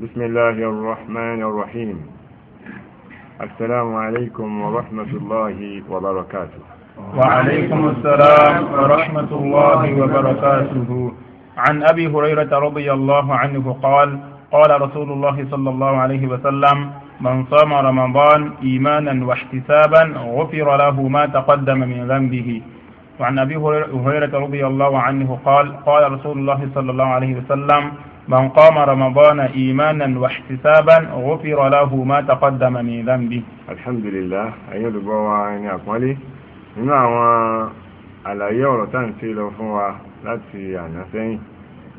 بسم الله الرحمن الرحيم السلام عليكم ورحمة الله وبركاته وعليكم السلام ورحمة الله وبركاته عن أبي هريرة رضي الله عنه قال قال رسول الله صلى الله عليه وسلم من صام رمضان إيمانا واحتسابا غفر له ما تقدم من ذنبه وعن أبي هريرة رضي الله عنه قال قال رسول الله صلى الله عليه وسلم من قام رمضان إيمانا واحتسابا غفر له ما تقدم من ذنبه الحمد لله أيها الأخوة أني أقولي nínú àwọn àlàyé ọ̀rọ̀ tá à ń ṣe lọ fún wa láti àná sẹ́yìn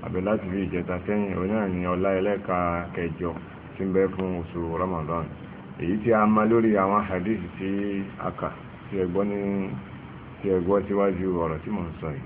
àbí láti bí ìjẹta sẹ́yìn onáà ní ọlá ẹlẹ́ka kẹjọ tí ń bẹ fún oṣù Ramadan èyí tí a mọ lórí àwọn hadith tí a kà tí ẹ gbọ́ síwájú ọ̀rọ̀ tí mò ń sọ yìí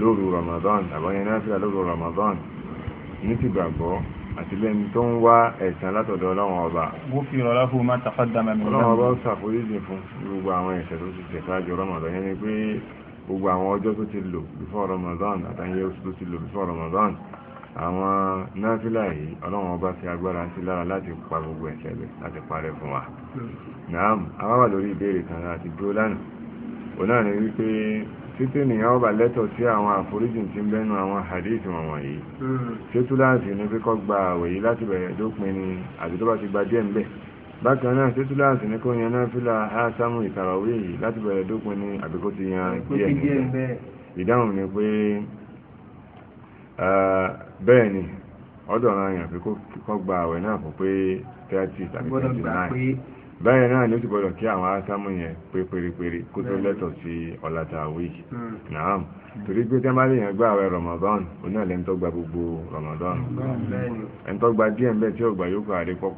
lóru Ramadan àbáyẹn náfílà lóru Ramadan ní ti gbàgbọ́ àti lẹ́ni tó ń wá ẹ̀san látọ̀dọ̀ ọlọ́run ọba. wọ́n fi ìrọ̀lá fún máa tàfádà mẹ́mí. ọlọ́run ọba ó ṣàforíjì fún gbogbo àwọn ẹ̀ṣẹ̀ tó ti ṣẹ̀ ṣáájú Ramadan yẹn ni pé gbogbo àwọn ọjọ́ tó ti lò before Ramadan àtàyẹ oṣù tó ti lò before Ramadan àwọn náfílà yìí ọlọ́run ọba fi agbára sí lára láti pa gbogbo ẹ̀ṣẹ̀ rẹ̀ láti parẹ́ fún wa. Hmm. naam a wá wà lórí ìbéèrè kan láti dúró lánàá títí nìyàn ọba lẹ́tọ̀ sí àwọn àforíjìn tí ń bẹ́nu àwọn hadith wọn wọ̀nyí hmm. ṣé túláàsì ní kíkọ́ gba àwẹ̀ yìí láti bẹ̀rẹ̀ dópin ni àti tó bá ti gba díẹ̀ ń bẹ̀ bákan náà ṣé túláàsì ní kó yan náfìlà ásámù ìtàràwé yìí láti bẹ̀rẹ̀ dópin ni àbí kó ti yan díẹ̀ níbẹ̀ ìdáhùn ni pé bẹ́ẹ̀ ni ọ̀dọ̀ ọ̀ràn yàn fi kọ́ gba àwẹ̀ náà fún pé 30 tàbí 29 báyìí náà ni ó ti gbọdọ̀ kí àwọn asámú yẹn pé pérépéré kó tó lẹ́tọ̀ sí ọlátàwí hmm. náà torí pé tí a bá lè yàn gba àwẹ̀ Ramadan òun náà lẹ́ni tó gba gbogbo Ramadan ẹni tó gba díẹ̀ ńbẹ tí ọgbà yóò kọ àrí pé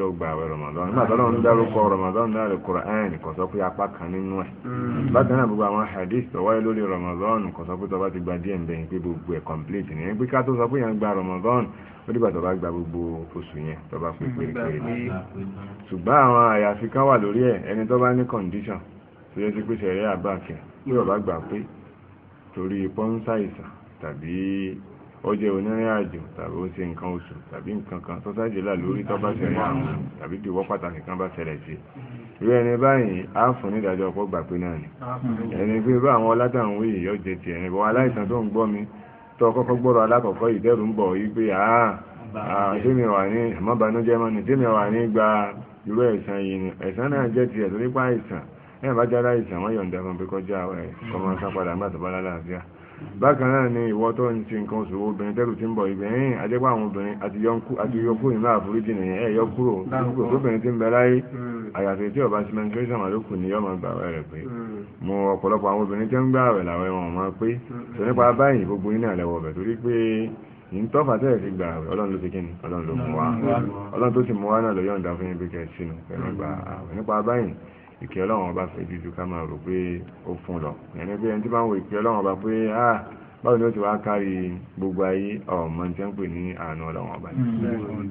ọgbà àwẹ̀ Ramadan nígbà tó lọ́n dárúkọ Ramadan náà lè Qur'an kò sọ pé apá kan nínú ẹ̀ mm. bákan náà gbogbo àwọn hadith tó wáyé lórí Ramadan kò sọ pé tó bá ti gba díẹ̀ ńbẹ yẹn pé gbogbo ẹ̀ complete ni pé ká tó sọ pé yàn gba Ramadan ó dìgbà tó bá gba gbogbo oṣù yẹn tó bá pé ṣùgbọ́n àwọn àyàfi torí pọ́nsá ìsàn tàbí ó jẹ́ onírìn àjò tàbí ó ṣe nǹkan oṣù tàbí nǹkan kan tó sájìlá lórí tó bá ṣẹlẹ̀ àwọn tàbí dìwọ́ pàtàkì kan bá ṣẹlẹ̀ sí irú ẹni báyìí á fún nídàájọ́ ọ̀pọ̀ gbà pé náà ni ẹni pé bá àwọn ọlátàwọ̀ yìí yọ jẹ ti ẹni bọ́ aláìsàn tó ń gbọ́ mi tó kọ́kọ́ gbọ́rọ̀ alákọ̀ọ́kọ́ ìdẹ́rù ń bọ̀ wípé àá tèmi wà ní wà ní ẹ̀ bá jáde àìsàn wọ́n yọ̀ǹda fún pé kọjá ẹ̀ kọ́mọ sá padà nígbà tó bá lálàáfíà bákan náà ni ìwọ tó ń ti nǹkan oṣù obìnrin tẹ́lù ti ń bọ̀ ibìrin àjẹpọ̀ àwọn obìnrin àti yọkúrò nínú àforíjì nìyẹn ẹ̀ yọkúrò nígbà tóbìnrin ti ń bẹ láyé àyàfi tí ọba simentation àlòkù ni yọmọ gbà wẹ rẹ pé mo ọ̀pọ̀lọpọ̀ àwọn obìnrin tí ń gbà wẹ̀ làwọn ẹ̀wọ̀n máa pé tó nípa báyìí gbogbo yín náà lẹ́wọ̀ bẹ̀ torí pé ìntọ́fà tẹ́lẹ̀ fi gbà àwẹ̀ ọlọ́run ló ti kíni ọlọ́run ló mú wa ọlọ́run tó sì mú wa náà lọ yọ̀ǹda fún yín bí kẹ́ sínú pẹ̀lú gbà àwẹ̀ nípa báyìí ìkẹ́ ọlọ́run ọba fẹ́ jújú ká máa rò pé ó fún lọ ẹni pé ẹni tí bá ń wo ìkẹ́ ọlọ́run ọba pé ah báwo ni ó ti wá kárí gbogbo ayé ọmọ tí ń pè ní àánú ọlọ́run ọba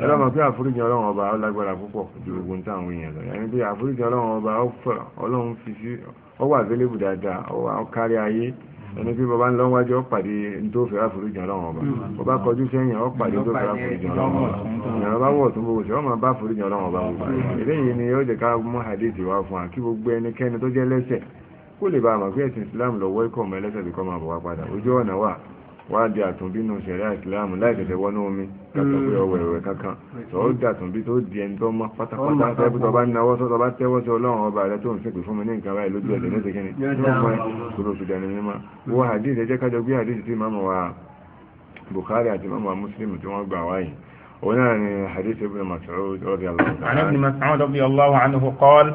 ẹlọ́mọ pé àforíjì ọlọ́run ọba ó lágbára púpọ̀ ju gbogbo táwọn èèyàn lọ ẹni pé àforíjì ọlọ́run ọba ó wà available dáadáa ó kárí ayé ẹni pé bàbá ń lọ wájú ọ pàdé tó fẹ́ àforíjì ọlọ́run ọba hmm. bàbá kọjú sẹ́yìn ọ pàdé tó fẹ́ àforíjì ọlọ́run ọba ìyàrá bá wọ̀ tó bó ṣe ọmọ bá àforíjì ọlọ́run ọba gbogbo eléyìí ni ó jẹ́ ká mú hadith wá fún wa kí gbogbo ẹnikẹ́ni tó jẹ́ lẹ́sẹ̀ kó lè bá àmọ̀ pé ẹ̀sìn Islam lọ wẹ́kọ̀ọ́ mẹ́lẹ́sẹ̀ bí kọ́ máa bọ̀ wá padà ojú ọ̀nà wà wọ́n á di àtúnbí nù sẹ̀rẹ́ ìsìláàmù láì tẹ̀tẹ̀ wọnú omi kàtọ́ pé ọwọ́ ẹ̀wẹ̀ kankan tó ó di àtúnbí tó di ẹni tó mọ́ pátápátá tẹ́bí tó bá náwó tó tó bá tẹ́wọ́ sí ọlọ́run ọba rẹ tó ń ṣèpè fún mi ní nǹkan báyìí lójú ẹ̀sẹ̀ lẹ́sẹ̀ kínní kúrò sùdà ní mímọ́ wo hadith ẹjẹ́ kájọ gbé hadith tí màmú wa Bukhari àti màmú wa Muslim tí wọ́n gbà wáyìí هنا حديث ابن مسعود رضي الله عنه عن ابن مسعود رضي الله عنه قال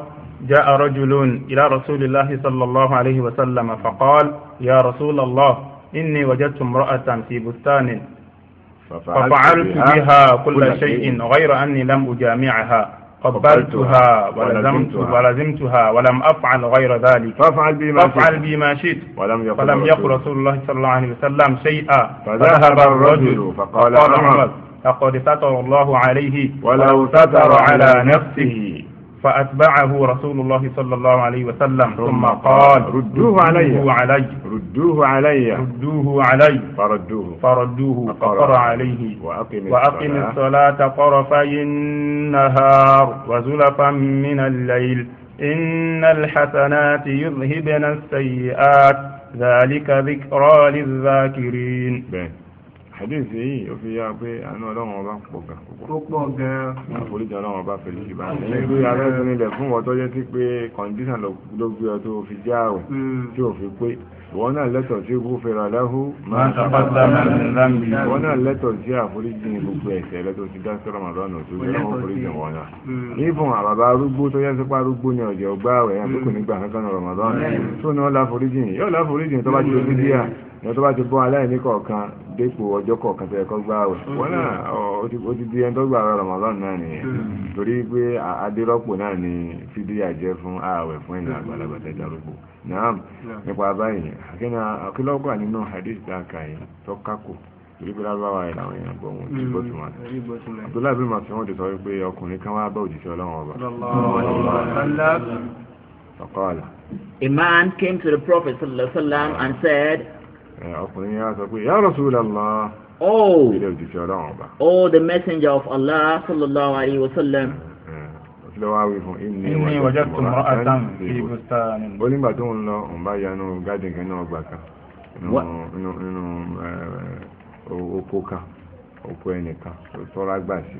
جاء رجل إلى رسول الله صلى الله عليه وسلم فقال يا رسول الله إني وجدت امرأة في بستان ففعلت بها كل شيء غير أني لم أجامعها قبلتها ولزمت ولزمتها ولم افعل غير ذلك فافعل بما فافعل بما شئت ولم يقل فلم يقل رسول الله صلى الله عليه وسلم شيئا فذهب الرجل فقال عمر لقد ستر الله عليه ولو ستر على نفسه فأتبعه رسول الله صلى الله عليه وسلم ثم قال ردوه علي علي ردوه علي ردوه علي فردوه فردوه فقر عليه وأقم, وأقم الصلاة طرفي النهار وزلفا من الليل إن الحسنات يذهبن السيئات ذلك ذكرى للذاكرين àdéhùn yìí ó fi yá pé àánú ọlọ́run ọba pọ̀ gan púpọ̀ púpọ̀ gan àforíjì ọlọ́run ọba fèrè sí báyìí lẹ́yìn pé abẹ́sẹ̀ nílẹ̀ fún wọn tó jẹ́ sí pé kọ̀ǹdíṣàn ló gbé ọ tó fi já àwẹ̀ hmm. tí ò fi pé ìwọ náà lẹ́tọ̀ sí ikú fèrè aláhù máa sábàtà lámì ìwọ náà lẹ́tọ̀ sí àforíjì gbogbo ẹ̀ṣẹ̀ lẹ́tọ̀ sí dá sọ́rọ̀ màdánù tó jẹ́ wọn foríjì wọn náà hmm. nífọ̀n àbàbà arúgbó tó yẹ sípa arúgbó ni ọ̀jẹ̀ ọgbà rẹ̀ àti kò nígbà kankan rọ̀mọ̀dánù hmm. tó ní ọ́ láforíjì yóò láforíjì tó bá ti ojú díà wọ́n tó bá ti bọ́ aláìní kọ̀ọ̀kan dépò ọjọ́ kọ̀ọ̀kan tó yẹ kó wẹ̀ wọ́n ó ti di ẹni tó gbà rọ Ramadan náà nìyẹn torí pé adérọ́pò náà ni fídíà jẹ́ fún ààwẹ̀ fún ẹ̀yìn àgbàlagbà tẹ̀jà rúgbò náà nípa báyìí akínlọ́gbà nínú hadith dáka yìí tó kákò torí pé lábáwá ẹ̀ làwọn èèyàn gbọ́ wọn ti sọ A man came to the Prophet ﷺ and said, ọkùnrin yẹn á sọ pé ya Rasulullah oh ilé òjijì ọlọ́run oh the messenger of Allah sallallahu alayhi wa sallam. wa. tó mọ́ ni.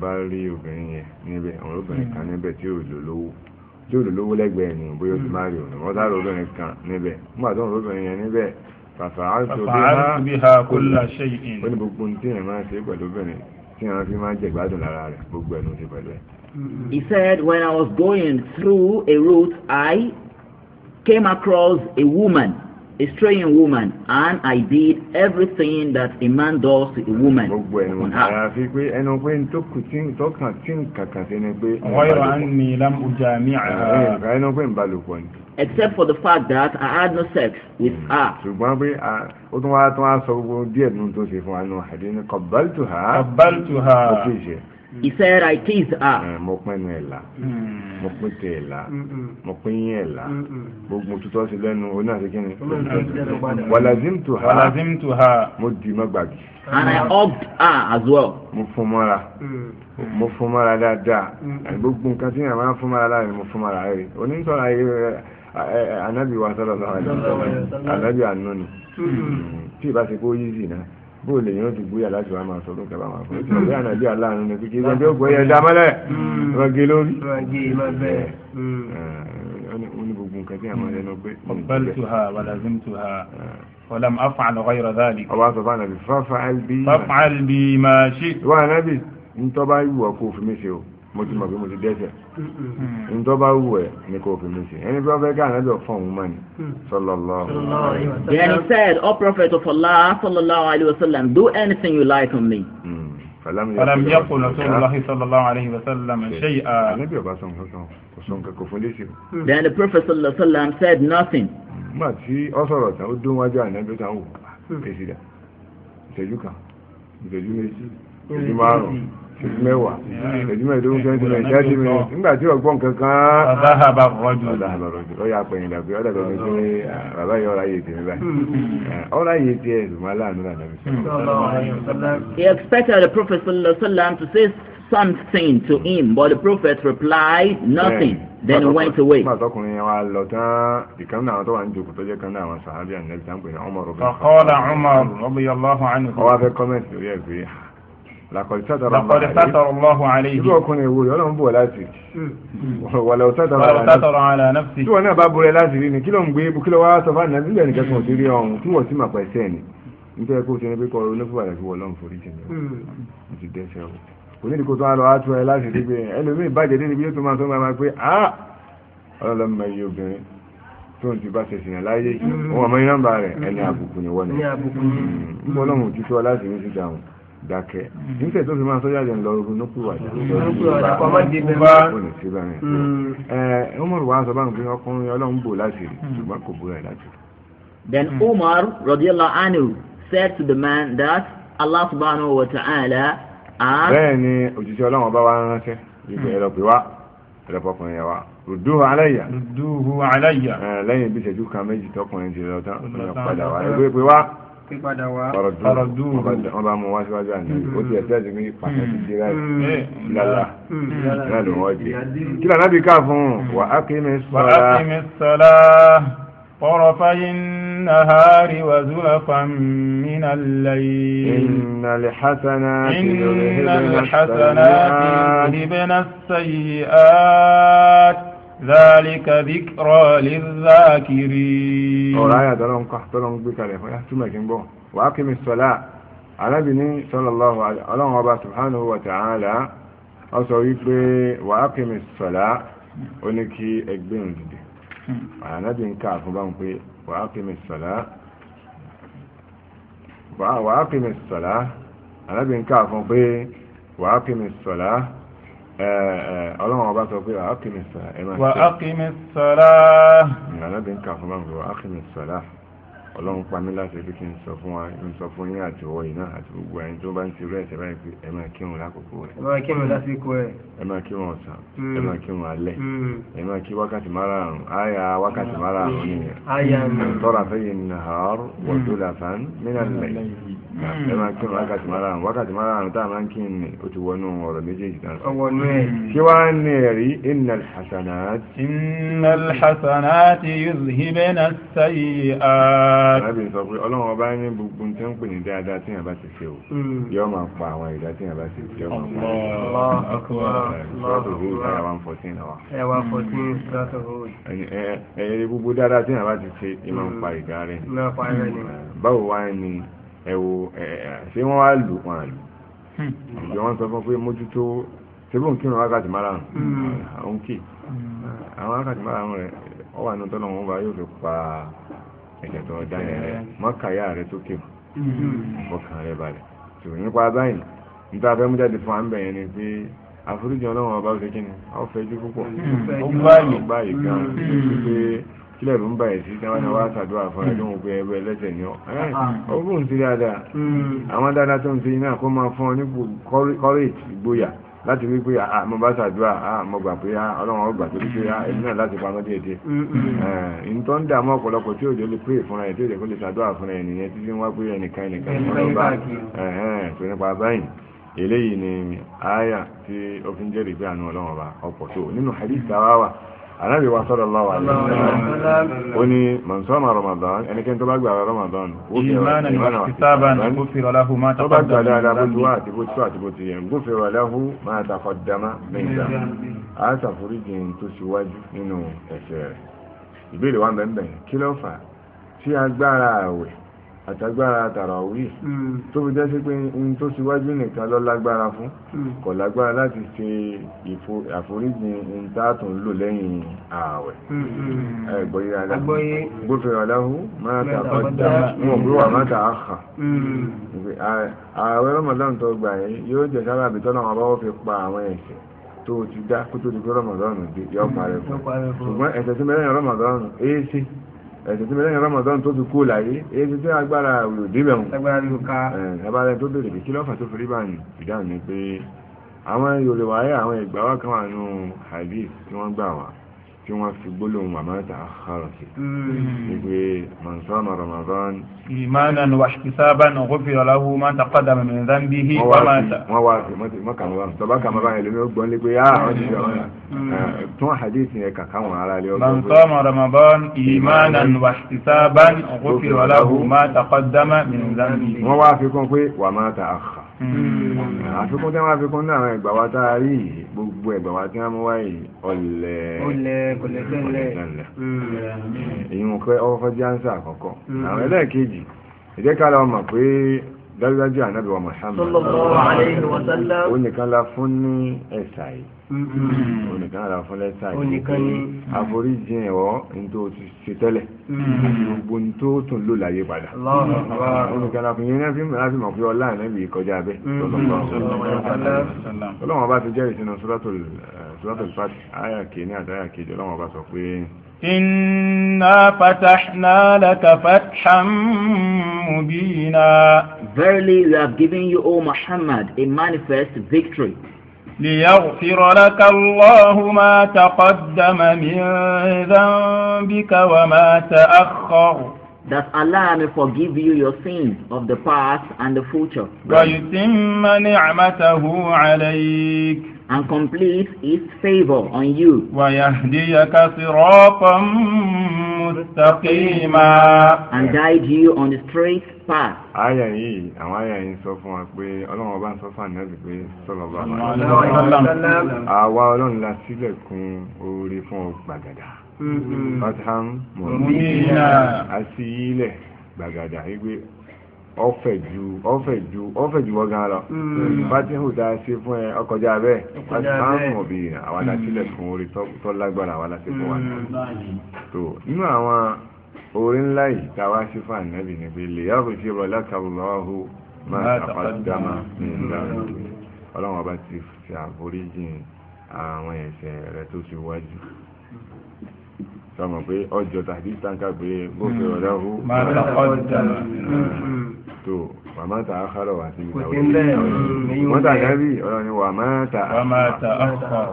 bá rí obìnrin yẹn níbẹ̀ àwọn obìnrin kan hmm. níbẹ̀ tí fàfàáàtò bí ha kó la ṣe yìí. ó ní gbogbo ní tíyẹn máa ṣe pẹ̀lú bẹ̀rẹ̀ tíyẹn fi máa jẹ ìgbádùn lára rẹ̀ gbogbo ẹnu ti pẹ̀lú ẹ̀. He said, when I was going through a route, I came across a woman, a straying woman, and I did everything that a man does to a woman. Gbogbo ẹnu àyàfi pé ẹnu pé n tó kù tí n tọ́kàn tí n kàkà sí ni pé. Wọ́n yóò wá ní lámùjá ní àárọ̀. Ẹnu pé n balùwọ̀ ni except for the fact that I had no sex with her. ṣùgbọ́n bí ó tún wá tún wá sọ gbogbo díẹ̀ nínú tó ṣe fún wa nù àdé ní qabaltuha. qabaltuha. mo pè ṣe. he said I kissed her. mo pín inú ẹ̀ la mo pín tẹ ẹ̀ la mo pín yín ẹ̀ la gbogbo tutọ́ sí lẹ́nu oní àti kíni. walazimtuha. mo dì mọ́ gbàgì. and I hugged her as well. mo fún mọ́ra mm. mo fún mọ́ra dáadáa gbogbo nǹkan tí yàrá máa ń fún mọ́ra láàrin mo fún mọ́ra rẹ̀ onítọ̀ ayé rẹ̀ ànábì wa sallallahu alaihi wasallam ànábì àná ni mm-hmm. tí ìbá ti kó yízì náà bó lè yàn ti gbóyà láti wá máa sọ ló kẹfà máa fọ ìgbà mm-hmm. ànábì aláàánú ni kíkí ìgbà tí ó gbóyà ẹja mọ́lẹ̀ mm-hmm. rọgé lórí eh, ó ní gbogbo nǹkan tí a máa lẹ́nu pé. ọ̀bẹ́lùtùhà wàlàzìmtùhà eh. wàlàm afàlù ọ̀yọ̀rọ̀ dáàlì. ọba sọ fún ànábì fáfà albi. fáfà albi máa ṣe. wà ànábì ń bá wù ọ́ kó o fi ṣe o mo ti mọ̀ pé mo ti dẹ́sẹ̀ ntọ́ bá wù ẹ̀ ní kò fi mi sí ẹni bí fẹ́ ká ànájọ fún òun mọ́ ni mm. sallallahu. then he said o prophet of allah sallallahu alayhi wa sallam do anything you like on me. فلم يقل رسول الله صلى الله عليه وسلم شيئا then the prophet Sallallahu الله عليه وسلم said nothing. nígbà tí ọ sọ̀rọ̀ tán ó dún wájú ànábì tán wò mm. èsì dà ìtẹ̀jú kan ìtẹ̀jú méjì ìtẹ̀jú márùn-ún mẹ́wàá ìṣẹ́jú mẹ́ẹ̀ẹ́dógún twenty minutes thirty minutes nígbà tí ọgbọ́n kankan. ọ̀dà àbá rọ́jò ọ̀dà àbá rọ́jò ọ̀yà pẹ̀yìn dàbí ọ̀dà tó ní sí bàbá yìí ọ̀rá yìí tèmi báyìí ọ̀rá hmm. yìí tiẹ̀ ṣùgbọ́n aláàánú là nàbí. He expected the Prophet sallallahu alaihi wasallam to say something to him but the Prophet replied nothing. Yeah then he went away. nígbà tọkùnrin yẹn wá lọ tán ìkan náà tó wà ní jòkó tó jẹ́ kan náà àwọn sàhábì àná ìjàngbọ̀n ọmọ rọ̀bì. ọ̀kọ́lá ọmọ rọ̀bì yàrá lọ́hùn-ún. ọwọ́ afẹ́ kọ́mẹ̀ntì lórí ẹ̀ pé lakọ̀dí sátọrọ Allahu alayhi irú ọkùnrin ìwúrí ọlọ́run bò láti wàlẹ̀ òtátọrọ àlà nafsi tí wọn náà bá borẹ láti rí ni kí ló ń gbé kí ló wá sọ fún ànábì nígbà nìkan kan ò ti rí ọrùn tí wọn sì mà pẹ̀sẹ̀ ni nítorí kó o ṣe ní pé kọ́ ọ̀rọ̀ onífúwà rẹ̀ fi wọ̀ lọ́run forí jìn ní hmm. ti dẹ́sẹ̀ o kò ní ìdíkò tó wá lọ á tún ẹ láti rí pé ẹlòmíì bàjẹ́ dé níbi yóò tó máa tó máa pé ah ọlọ́lọ́mọ iye obìnrin tó ń ti bá ṣẹ̀ṣẹ̀ yàn láyé hmm. wọn mọ iná ń ba rẹ̀ ẹni àbùkù ni wọ́n ni ń bọ́ lọ́run òjútó láti rí síta wọn dákẹ́ hmm. níṣẹ́ tó fi máa sọ́jà jẹ́ ńlọrọ̀gùn ló kúrò àjà ẹ̀ Umar wa sọ báwọn pé ọkùnrin ọlọ́run bò láti rí hmm. ṣùgbọ́n kò búra láti rí. Then hmm. Umar radiyallahu anhu said to the man that Allah subhanahu wa ta'ala asked. bẹ́ẹ̀ ni òjíṣẹ́ ọlọ́run ọba wa ránṣẹ́ ibi ẹ̀rọ pé wá ẹ̀rọ pọkùnrin yẹn wá rùdúhù aláyà. rùdúhù aláyà. Eh, lẹ́yìn bí ìṣẹ́jú kan méjì tọkùnrin ti lọ tán ọ̀nà padà wá ẹgbẹ́ pé wá. pípadà wá ọ̀rọ̀dù wọn bá mú wá síwájú àná ó ti ẹ̀sẹ̀ ti fi pàṣẹ ti di láì lálá náà ló wọ́n jẹ kí lànà bí ká fún un wà á kí mi sọ́lá طرفي النهار وزلفا من الليل إن الحسنات إن الحسنات يذهبن السيئات zálíkà díkọ̀rọ̀ lè zákiri. ọ̀rọ̀ ayé àtọ́lọ́ ń kọ́ àtọ́lọ́ ń gbé kalẹ̀ fún yàtúmọ̀ kí n bọ̀ wàá kí mi sọlá alábìíní sallallahu ọlọ́run ọba subhanahu wa ta'ala ọ sọ wípé wàá kí mi sọlá ó ní kí ẹgbẹ́ òun dìde ànábì ń ká àfúnbá ń pé wàá kí mi sọlá wàá kí mi sọlá ànábì ń ká àfún pé wàá kí mi sọlá ọlọ́run ọba sọ pé wà á kìmí sọ̀rọ̀ ẹ máa ṣe. wà á kìmí sọ̀rọ̀. ìlànà bí n kà fún báwọn wà á kìmí ọlọ́run pa mí láti ẹbí kí n sọ fún wa n sọ fún yín àti ọwọ́ yìí náà àti gbogbo ẹni tó bá ń ti rú ẹ̀sẹ̀ báyìí pé ẹ máa kírun lákòókò rẹ̀. ẹ máa kírun lásìkò rẹ̀ ẹ máa kí wọn ọ̀sán ẹ hmm. máa kí wọn alẹ́ hmm. ẹ máa kí wákàtí márààrún àyà wákàtí márààrún nìyẹn tọ́ra fẹ́yìn nàárọ̀ wọ̀dọ́là fán mínà lẹ̀ ẹ máa kí wọn wákàtí márààrún wákàtí márààrún tá a máa ń kí ni ó ti wọnú ọ̀rọ̀ méjèèjì náà. kí wàá ní ẹ̀rí iná alḥasanat. iná alḥasanat yuzhibna sayyi'at. arábìnrin sọ pé ọlọ́run ọba sọ́ọ̀tù hóòdù náà wà ń fọ́tín náà wà. ẹ wà fọ́tín sọ́ọ̀tù hóòdù. ẹyẹ gbogbo dáadáa tí yàrá ti ṣe ìmọ̀ ń pa ìgá rẹ̀. Hmm. báwo wá ni ẹ wo ṣé wọ́n wá lù wọn àlù. ìjọ hmm. wọn sọ fún pé mójútó ṣébí òun kírun wákàtí márùn-ún òun hmm. kì àwọn wákàtí márùn-ún rẹ̀ ọ wà nínú tọ́lọ́ wọn bá yóò fi pa ẹ̀jẹ̀ tó ọjà yẹn rẹ̀ mọ́kàyà rẹ̀ tó kéwù ọkàn rẹ̀ balẹ̀ tò nípa báyìí nítorí afẹ́mújáde fún àmbẹ̀yẹn ni pé àforíjì ọlọ́run ọba òfin kíni ọ fẹjú púpọ̀ hmm. ó báyìí báyìí gan hmm. hmm. pé kílẹ̀ ló ń báyìí sí táwọn náà wá fún ẹ ẹgbẹ́ ẹlẹ́sẹ̀ ni ọ ah, ah. ń dáadáa àwọn dáadáa tó ń iná kó máa fún ọ ní kọ́rẹ́ẹ̀tì ìgboyà láti wí pé àà ah, mo bá àà mo ọgbà eléyìí ni àyà tí ó fi ń jẹ́rìí pé àánú ọlọ́run ọba ọ̀pọ̀ tó nínú hadith tàwa wà anábì wa sallallahu alaihi wasallam ó ní mọ̀nsọ́mà ramadan ẹnikẹ́ni tó bá gbà ramadan ó fi ọ̀rọ̀ dáadáa bó ti wá àti bó ti tó àti bó ti àtagbára tàràwí hmm. tó fi jẹ́ sí pé ohun tó síwájú nìkan lọ lágbára fún hmm. kò lágbára láti ṣe àforíjìn ohun tààtùn lò lẹ́yìn ààwẹ̀ ẹgbọ́yé alágbọ́yé gbófin aláhù máa tàbátà wọn bí wà máa tààkà hmm. ààwẹ̀ rọmọdán tó gbà yẹn yóò jẹ́ sára àbí tọ́nà wọn bá wọ́n fi pa àwọn ẹ̀ṣẹ̀ tó ti dá kó tó di pé rọmọdán dé yọ parẹ́ fún ṣùgbọ́n ẹ̀ṣẹ̀ tí mẹ́rin rọmọdán èé sí ẹ̀sìn tí mẹ́lẹ́yìn Ramadan tó fi kú láyé èyí ti tẹ́ agbára òyò débẹ̀ wọn agbára rí ká ẹ̀ẹ́dábàárẹ̀ tó bèrè kí lọ́fà tó fi rí báyìí ìdáhùn ni pé àwọn Yorùbá ayé àwọn ìgbà wa kan wà nù hadith tí wọ́n gbà wá tí wọ́n fi gbólóhùn àmáta àkàrà sí wípé hmm. mọ̀nsánà ramadan ìmánan wà ṣìṣàbán ọgọ́fẹ́ ọ̀làwó máa tàkọ́dà mẹ́rin zambi hí wà máa tà wọ́n wá sí mọ́ kàmọ́ bá tọ́ba kàmọ́ bá yẹn lómi ó gbọ́n lé pé á ah, hmm. wọ́n ti jọba hmm. eh, tún hadith yẹn kàkà wọn ara lé ọgbọ́n mọ̀nsánà ramadan ìmánan wà ṣìṣàbán ọgọ́fẹ́ ọ̀làwó máa fi kún máa tà àkàrà Hmm. àfikún tí wọ́n àfikún náà ẹgbà wa tá a rí yìí gbogbo ẹgbà wa tí wọ́n mú wá yìí ọ̀lẹ̀ kọ̀lẹ̀kẹ̀lẹ̀ ìyún pé ọwọ́ hmm. fẹ́ jáǹsà àkọ́kọ́ hmm. àwọn ẹlẹ́ẹ̀kejì ìjẹ́ ká lọ mọ̀ pé dájúdájú ànábì wa Muhammad ó nìkan la fún ní ẹ̀sà yìí onìkan mm-hmm. àlà fún lẹ́tà yìí mm-hmm. àforíjì ẹ̀wọ́ nítorí o ti ṣe tẹ́lẹ̀ mm-hmm. gbogbo ní tó tún lò láyé padà onìkan àfihàn yẹn náà fi fi mọ̀ pé ọlá ànábì kọjá abẹ́ ọlọ́wọ́n bá ti jẹ́rìí sínú suratul eh, Fath àyà kìíní àtàyà kejì ọlọ́wọ́n bá sọ pé. إنا فتحنا لك فتحا مبينا Verily we have given you, O Muhammad, a manifest victory. ليغفر لك الله ما تقدم من ذنبك وما تأخر that Allah may forgive you your sins of the past and the future. ويتم نعمته عليك and complete its favor on you. وَيَهْدِيَكَ صِرَاطًا مُسْتَقِيمًا and guide you on the straight path. Àyà yìí, àwọn àyà yìí sọ fún wa pé Ọlọ́run ọba ń sọ fún ànábì pé sọ̀rọ̀ bá wà. Àwa Ọlọ́run la sílẹ̀kùn oore fún ọ gbàgàdà. Fatham Mọ̀mí. Àti ilẹ̀ gbàgàdà ọfẹ ju ọfẹ ju ọfẹ ju wọn gan lọ fatihu da ṣe fún ẹ ọkọjá bẹ́ẹ̀ fatihu òbí àwọn adásílẹ̀ fún orí tó lágbára àwọn adásílẹ̀ fún wa tó hmm, nínú àwọn orí ńlá yìí tá a wá sí fún ànábì ní pé lè yàgò sí ọlọ lákàbọlọhù máa tàpádámà ní ìlà Ọlọ́run ọba ti ṣàforíjì àwọn ẹ̀ṣẹ̀ rẹ̀ tó ṣíwájú sọmọ pé ọjọ́ tàbí tàǹkà pé bóòkè ọ̀dọ́ hù. máa ta ọjà tó wà máa ta àkàrọ̀ wà sí ìgbà òde. wọ́n tà dábì ọ̀rọ̀ ni wà máa ta àkàrọ̀.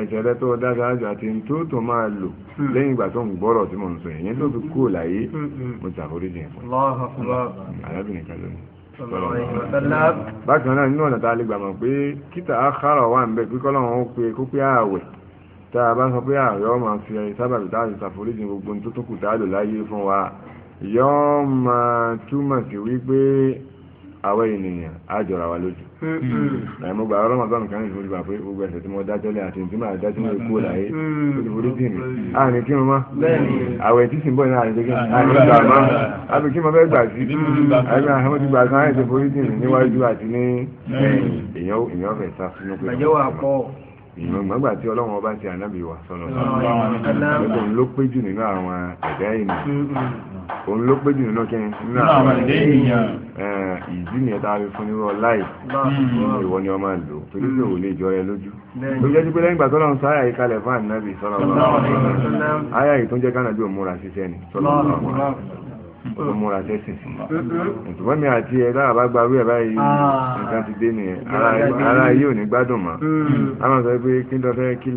ẹ̀jẹ̀ rẹ tó dá sáájú àti tó tó máa lò lẹ́yìn ìgbà tó ń gbọ́rọ̀ tí mò ń sọ yẹn ló fi kú láyé hmm, hmm. mo ta oríṣi ẹ̀ hmm, arábìnrin kan lónìí bákan náà nínú ọ̀nà tá a lè gbà mọ̀ pé kíta àkàrọ̀ wà ń bẹ pé kọ́lọ́run ó kó pé ààwẹ̀ tá a bá sọ pé ààrẹ ah, máa fi ẹyin sábàbí tá a ti ṣàforíjì gbogbo tó tó kù tá a lò láyé fún wa yóò máa túmọ̀ sí wípé àwọn ènìyàn á jọra wa lójú mm-hmm. ẹ̀mọ́ gba ọlọ́mọ tọ́nù kan ìfún ìgbà pé gbogbo ẹ̀sẹ̀ tí mo dájọ́ lé àti tí máa dájọ́ lé kúrò láyé olùforí mm-hmm. tì mí àní mm-hmm. kí mo má àwẹ̀ tí sì ń bọ̀ ní àti kí àní gbà má àbí kí mo fẹ́ gbà sí àbí àwọn ti gbà sí àwọn ẹ̀sẹ̀ forí tì mí níwájú àti ní èèyàn fẹ̀ sá sínú pé ìmọ̀gbà tí ọlọ́run ọba ti ànábì wa sọ̀rọ̀ òun ló pé jù nínú àwọn ẹ̀dá ènìyàn òun ló pé jù nínú kẹ́yìn nínú àwọn ẹ̀dá ènìyàn eh, ìdí ni ẹ̀ta rí fún nírọ̀ láì mm-hmm. ìwọ ni ọmọ lò torí pé mm-hmm. ò lè jọ ẹ lójú tó jẹ́ pé lẹ́yìn ìgbà tọ́lọ́run sọ àyà ìkalẹ̀ fún ànábì sọ̀rọ̀ àyà ìtúnjẹ́ kánàbí òmúra ṣiṣẹ́ ni sọ̀rọ̀ ó múra tẹ́sìn sí ìtùbọ́n mi àti ẹ lára bá gbarú ẹ̀ báyìí ah. nǹkan ti dé nìyẹn ara yìí ò ní gbádùn mọ́ hmm. a máa sọ pé kí ló fẹ́ kí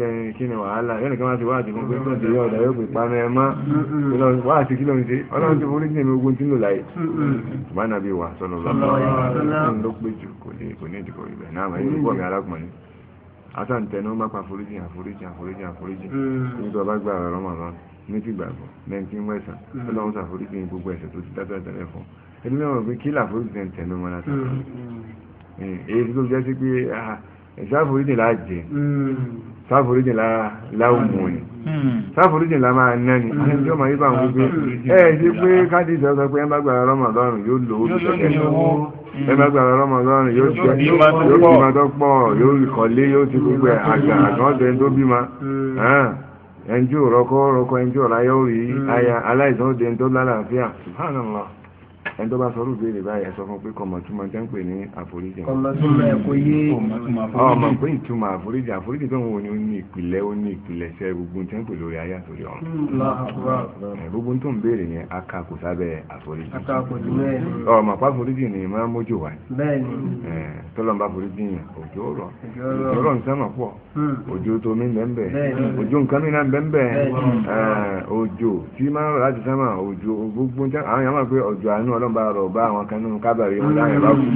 ni wàhálà yẹ́nì kan máa ti wá àti fún pé tó ti yọ ọ̀dà yóò pè pamẹ́ ẹ mọ́ hmm. wá àti kí ló ń ṣe ọlọ́run ti forí jìnnà ogun tí ń lò láyé ìtùbọ́n náà bí wà sọ́nà lọ́wọ́ ló pé jù kò ní ìdíkọ̀ ìbẹ̀ náà mà àtàntẹnu hmm. bá pa foríjì àforíjì àforíjì àforíjì nígbà bá gbà ọ̀rọ̀ màmá ní ti gbàgbọ́ lẹ́ntì wẹ̀sán tó hmm. lọ́wọ́ sàforíjì ní gbogbo ẹ̀ṣẹ̀ tó ti dájọ́ tẹ́lẹ̀ fún ẹni mẹ́wàá pé kí làforíjì ń tẹ̀nu wọn láti èyí tó jẹ́ sí pé sáforíjì là jẹ sáforíjì hmm. là mú ni sáforíjì hmm. là máa ná ni àwọn ẹni ọmọ yìí bá wọn pé ẹ ẹ ṣe pé káàdì ìṣẹ́ sọ pé ẹ bá gbàgbọ́ ọlọ́mọ lọ́rùn yóò lò ó ẹ bá gbàgbọ́ ọlọ́mọ lọ́rùn yóò jẹ yóò bímọ tó pọ̀ yóò kọ́lé yóò ti gbogbo àgbà àgbà ọ̀dọ́ ẹni tó bímọ. ẹnjú rọkọ rọkọ ẹnjú ọ̀ráyọ̀ rí aya aláìsàn ó de ń tó lálàáfíà subhanallah. ẹni tó bá sọ rúbẹ̀ rẹ̀ báyìí ẹ̀sọ́ fún pé kọmọ̀ túmọ̀ tẹ́ ń pè ní àforíjì ọmọ pé ìtumọ̀ àforíjì àforíjì tó ń wo ni ó ní ìpìlẹ̀ ó ní ìpìlẹ̀ sẹ́ gbogbo tẹ́ ń pè lórí ayé àtòrí ọ̀run gbogbo tó ń béèrè yẹn aka kò sábẹ́ àforíjì ọmọ pa àforíjì ni máa mójú wa tọ́lọ́n bá àforíjì yẹn òjò rọ̀ òjò ń sẹ́mọ̀ pọ̀ hmm. òjò tó mi bẹ́ẹ̀ òjò nǹkan mi náà bẹ́ẹ̀ òjò tí máa ń rọ̀ láti ọlọ́mọba rọ̀ bá àwọn kan nínú kábàárì wọn láyé bá kú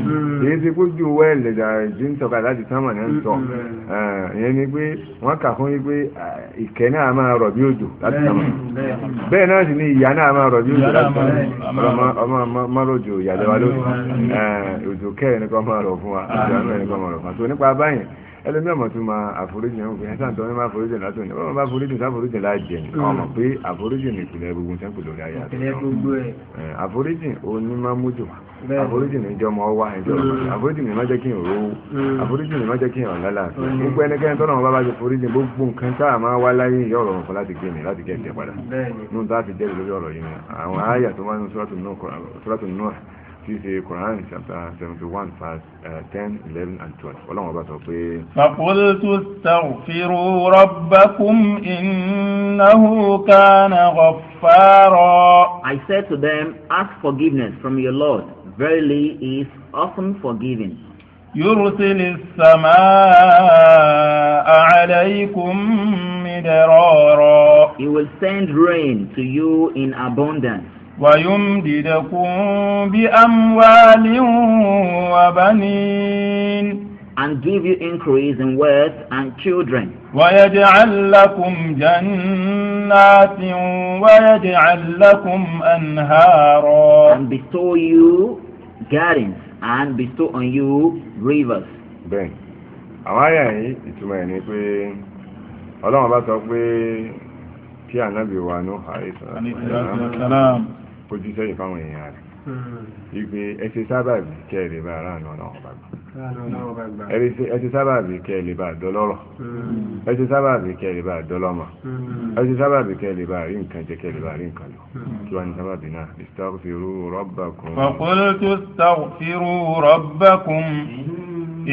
èyí ti kó ju wẹ́ẹ̀lì tí ń tọ́ka láti sánmà náà ń tọ́ mm-hmm. eh, ìyẹn ni pé wọ́n kà fún yín pé eh, ìkẹ́ náà máa rọ̀ bí òjò láti sánmà mm-hmm. bẹ́ẹ̀ náà sì ni ìyá náà máa rọ̀ bí òjò láti sánmà ọmọ mọ́rọ̀jò ìyàlẹ́wà lónìí mm-hmm. eh, òjò kẹ́rin nìkan máa rọ̀ fún wa òjò àánú ẹlẹ́mìí ọmọ tó máa àforíjì náà fìyà sáà tó ní máa àforíjì látò ní ọmọ bá àforíjì sáà àforíjì láàjẹ ní ọmọ pé àforíjì ní ìpìlẹ̀ gbogbo sẹ́ńpù lórí ayé àforíjì òní máa mójú àforíjì ní ìjọ ọmọ ọwá ìjọ ọmọ mm. àforíjì ní má jẹ́ kí n rówó mm. àforíjì ní má jẹ́ kí n ọ̀n lálà mm. gbogbo ẹnikẹ́ni tọ́nà wọn bá bá ti foríjì gbogbo nǹkan tá a máa wá láyé ìyá ọ̀rọ̀ fún láti gbẹ̀mí láti gẹ̀ ẹ̀jẹ̀ padà nínú tá a fi jẹ́rìí lórí ọ̀rọ̀ yìí ni àwọn àyà tó máa ń sọ́ràtún náà tí ṣe Quran chapter seventy one verse eh, ten eleven and twelve ọlọ́run ọba sọ pé. faqultu astaghfiru rabbakum innahu kana ghaffara. I said to them ask forgiveness from your Lord verily he is often forgiving. يرسل السماء عليكم مدرارا. He will send rain to you in abundance. ويمددكم بأموال وبنين and give you increase in wealth and children. ويجعل لكم جنات ويجعل لكم أنهارا and bestow you gardens and bestow on you rivers. bẹ́ẹ̀ àwọn àyà yìí ìtumọ̀ ẹ̀ ni pé ọlọ́run bá sọ pé kí ànábì wa nù àìsàn fojú sẹ́yìn fáwọn èèyàn rẹ̀ ìgbé hmm. ẹsẹ̀ sábàbí kẹ́ẹ̀lẹ̀ bá ara náà bàgbà ẹsẹ̀ sábàbí kẹ́ẹ̀lẹ̀ bá dọlọ́rọ̀ hmm. ẹsẹ̀ sábàbí kẹ́ẹ̀lẹ̀ bá dọlọ́mọ hmm. ẹsẹ̀ sábàbí kẹ́ẹ̀lẹ̀ bá rí nǹkan jẹ kẹ́ẹ̀lẹ̀ bá rí nǹkan lọ kí wọ́n ní sábàbí náà istaghfiru rabbakum.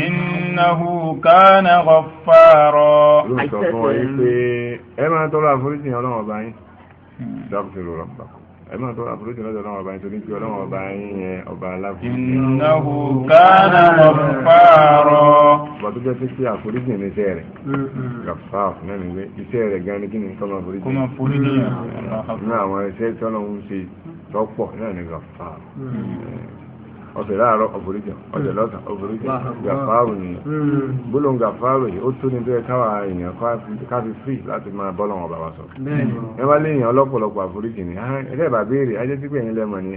innahu kana ghaffara. lóòótọ́ fún ọ yìí pé ẹ máa tọrọ àforíjì ọlọ́run ọba yín istaghfiru rabbakum ẹ̀mọ́ tó àforíjì lọ́dọ̀ ọlọ́wọ́ ọba nítorí pé ọlọ́wọ́ ọba yín yẹn ọba aláforíjì. ìnáwó kánà ọ̀fààrọ̀. ọba tó jẹ́ pé kí àforíjì ní iṣẹ́ rẹ̀ gàfà mẹ́rin wé iṣẹ́ rẹ̀ gan ni kí ni kọ́mọ àforíjì. kọ́mọ àforíjì yẹn. nínú àwọn iṣẹ́ tọ́lọ́hún ṣe tọ́pọ̀ náà ni gàfà ọ̀sẹ̀ láàárọ̀ ọ̀fòríjìn ọ̀sẹ̀ hmm. lọ́sàn ọ̀fòríjìn gàfáàrù nìyẹn hmm. gbólóhùn gàfáàrù yìí ó tún ní bẹ́ẹ̀ káwa èèyàn ká fi free láti máa bọ́ lọ́wọ́ bàbá sọ. ẹ wá lé èèyàn ọlọ́pọ̀lọpọ̀ àforíjìn ni ẹ̀rẹ́ hmm. bá béèrè ajé tí pẹ̀yìn lẹ́mọ̀ ni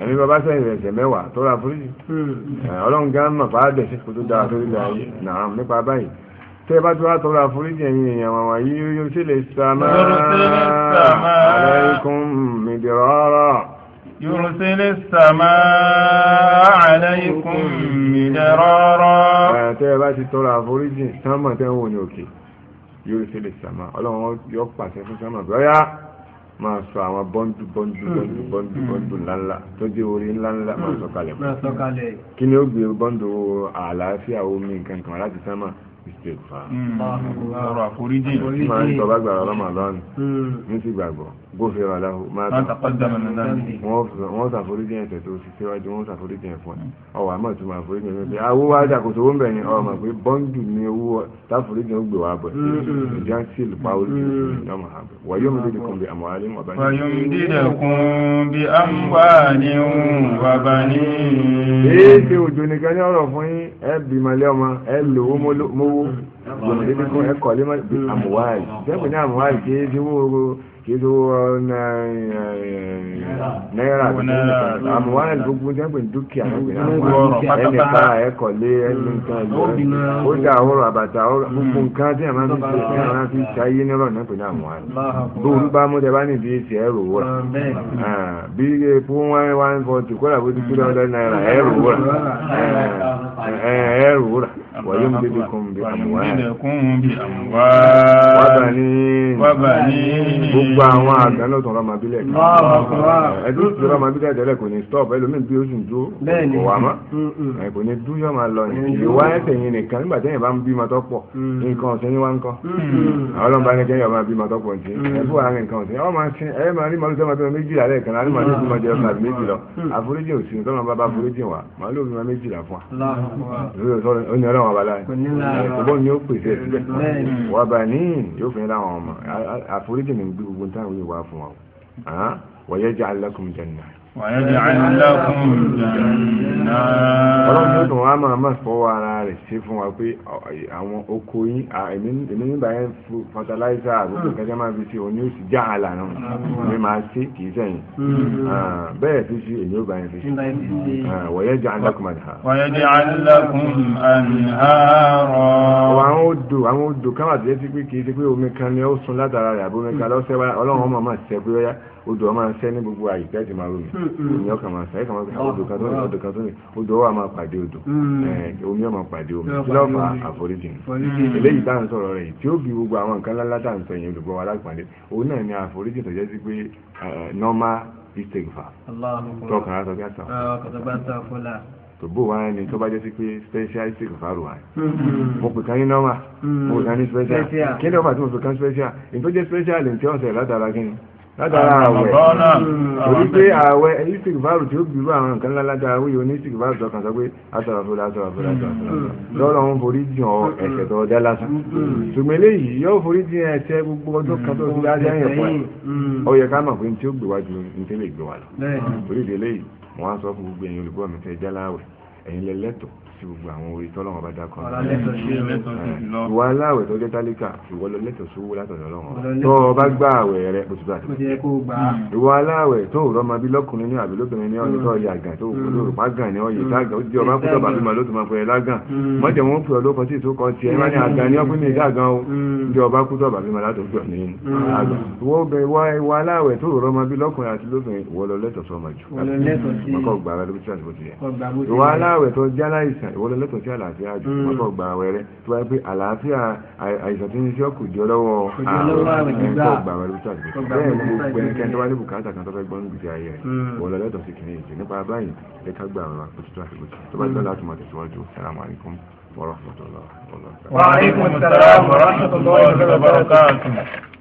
ẹ̀mí bàbá sẹ́yìn rẹ̀ ẹ̀sẹ̀ mẹ́wàá tó ra àforíjìn ọlọ́run gán mọ̀ fàádẹ̀ sí kò tó dára tó dára yìí nàá nípa báyìí tẹ́ bá tó wá tọrọ àforíjì ẹ̀yin èèyàn wọn wọ̀nyí yóò ṣe lè sàmà alaykum midrara. يرسل السماء عليكم مدرارا tẹ́ ẹ bá ti tọrọ àforíjì sánmà tẹ́ ń wò ní òkè يرسل السماء ọlọ́run yọ pàṣẹ fún sánmà bóyá máa sọ àwọn bọ́ńdù bọ́ńdù bọ́ńdù bọ́ńdù bọ́ńdù ńláńlá tó dé orí ńláńlá máa sọ kalẹ̀ kí ni ó gbé bọ́ńdù àlàáfíà omi nǹkan kan láti sánmà ìṣèkùfà hmm. hmm. ọ̀rọ̀ àforíjì máa ń sọ bá gbàrà ọlọ́mọ àlọ́ọ̀nù ní sì gbàgbọ́ gófèrè aláhù máa wọ́n ṣàforíjì ẹ̀ṣẹ̀ tó ti síwájú wọ́n ṣàforíjì ẹ̀ fún ẹ̀ ọwọ́ àmọ́ tó máa foríjì ẹ̀ pé awó wá ṣàkóso owó ń bẹ̀ yẹn ọmọ pé bọ́ńdù ni owó táforíjì ó gbé wá bọ̀ hmm. ìjà sí ìlú pàwọ́ lórí ìjọba àbẹ̀ wà yóò mú dídì kún bí àmọ́wálé wà bá ní. wà yóò mú dídì kún bí àmọ́wálé wà bá ní. èyí ṣe òjò nìkan ní ọ̀rọ̀ fún yín ẹ bí malẹ́ ọmọ ẹ lówó mówó gbọ̀ngàn dídì kún ẹ kọ̀lé àmọ́wálé kí ló uh, uh, náírà àmúwá gbogbo jẹ́ dúkìá ẹni bá ẹ̀kọ́ lé ẹni nǹkan hmm. ìlú ó dà ọ̀rọ̀ àbàtà gbogbo hmm. nǹkan tí a máa fi ṣe tí a máa fi hmm. ṣayé nírọ̀ náà pẹ̀lú àmúwá bóun bá mú tẹ́bá níbi èsì ẹ̀rọ wúrà bí ah, fún one one forty kọ́lá bó ti kúrò ọ̀dọ́ náírà ẹ̀rọ wúrà ẹ̀rọ wúrà wọ́n yóò débi kún bí àmúwá. wọ́n bá ní gbogbo àwọn àgbà náà tún rọmọ abílẹ̀ kan ẹ̀dùn tún rọmọ abílẹ̀ tẹ́lẹ̀ kò ní stop ẹlòmíì bí ó sì ń dúró kò wá mọ́ mm, mm. kò ní dú yọ̀ máa lọ nìyí ìwá ẹsẹ̀ yẹn nìkan nígbà tẹ́yìn bá ń bí ma tọ́ pọ̀ mm. nǹkan ọ̀sẹ̀ yín wá ń kọ́ àwọn ọlọ́mọba ní kẹ́yìn ọba bí ma tọ́ pọ̀ nìyí ẹ̀fọ́ àárín nǹkan ọ̀sẹ̀ ọmọ ṣe ẹ máa rí màlúù sẹ́wọ́n tó méjì lálẹ́ kan láti màlúù tó máa jẹ ọ̀sán méjì lọ àforíjì òsì ní tọ́lọ́mọba bá foríjì wá màlúù fi máa méjì là fún wa ó ní ọlọ́run ọba láyé ṣùgbọ́n ni ó pèsè ẹ̀ síbẹ̀ wà bá ní yóò fi ń ra àwọn ọmọ àforíjì ní gbogbo أه؟ ويجعل لكم جنات ويجعل لكم جنات ọlọ́run yóò tún wá máa máa fọwọ́ ara rẹ̀ ṣe fún wa pé àwọn oko yín èmi nígbà yẹn fọtaláísà àgbègbè kẹjá máa fi ṣe òní ó sì já àlà náà mi máa ṣe kì í sẹ́yìn hmm. bẹ́ẹ̀ fi ṣe èmi ó bá yẹn fi ṣe ويجعل لكم أنهارا ويجعل لكم أنهارا. àwọn odò àwọn odò káwọn àti ẹtí pé kì í ṣe pé omi kan ni ó sun látara rẹ̀ àbómi kan lọ́sẹ̀ ọlọ́run ọmọ máa ṣẹ́ pé ó yá odò ọmọ ṣẹ́ ní gbogbo àyè tí a ti máa romi hmm, hmm. omi ọkàn máa ṣe ẹ̀ka máa ṣe hmm. odò kan tó ní odò kan tó ní odò ọwọ́ máa pàdé odò eh, omi ọmọ pàdé omi tí lọ́ọ̀fà àforíjìn eléyìí tá à ń sọ̀rọ̀ rẹ̀ tí ó bí gbogbo àwọn nǹkan lálá tá à ń sọ yẹn olùgbọ́ wa lápàdé òun náà ni àforíjìn tó jẹ́ sí pé eh, normal istighfar tọkàn á sọ bí àtàwọn tòbó wa ni tó bá jẹ́ sí pé specialistic faru wa mo pè kan ní normal mo pè kan ní special kí ni ọba tí mo pè kan special ìtọ́jẹ́ special ní tí ọ̀sẹ̀ látara kí ni látara ah, àwẹ̀ hmm. torí pé àwẹ̀ istik báàrù tí ó gbìrú àwọn nǹkan ńlá látara wíyọ ní istik báàrù tó kàn sọ pé asàràfúlà asàràfúlà hmm. asàràfúlà lọ́rọ̀ ń forí jìn ọ hmm. ẹ̀ṣẹ̀ tó ọdá lásán ṣùgbọ́n eléyìí yóò forí jìn ẹ̀ṣẹ̀ gbogbo ọjọ́ kan tó ti dá sí ẹ̀yẹ̀ pọ̀ ọ yẹ ká mọ̀ pé ní tí ó gbèwájú ní tí lè gbèwá lọ torí ìdílé yìí wọ́n á sọ fún gbogbo ẹ̀yin olùkọ́ mi fẹ́ jáláwẹ̀ ẹ̀yin lẹ́lẹ́tọ̀ọ́ àti gbogbo àwọn orí tọ́lọ́run ọba dákọ̀ ìwà aláwẹ̀ tó jẹ́ tálíkà ìwọ ló lẹ́tọ̀ọ́ sówó látọ̀dọ̀ ọlọ́run tó o bá gbà àwẹ̀ rẹ bó ti bá ti ìwà aláwẹ̀ tó o rọ́mọ bí lọ́kùnrin ní àbí lóbìnrin ní ọ̀yẹ́ hmm. tó ọ̀yẹ́ àgàn tó o hmm. lóòrò pàgàn ní ọ̀yẹ́ hmm. tágàn ó di ọba kútọ̀ bàbí màá ló tó máa pẹ̀lẹ́ lágàn mọ́jẹ̀ wọn pè ọlọ́kọ tí ìtókọ ti ẹ̀ ní àgàn ní ọkùnrin ní ìdágan ìwọ́lẹ̀ lẹ́tọ̀ sí àlàáfíà jù mọ́tò hmm. gba wẹrẹ tó bá yẹ pé àlàáfíà àìsàn tí ń ṣe ọkù jọ lọ́wọ́ ah, àrùn ẹ̀kọ́ gba wẹrẹ tó àgbẹ̀ bẹ́ẹ̀ ni gbogbo ẹnikẹ́ni tó bá ní bùkátà kan tó fẹ́ gbọ́n gbèsè ayé rẹ̀ hmm. ìwọ́lẹ̀ lẹ́tọ̀ sí kìnìún ìjì nípa báyìí ẹ̀ka gba àwọn akótótó àtìkò tó bá jẹ́ hmm. láti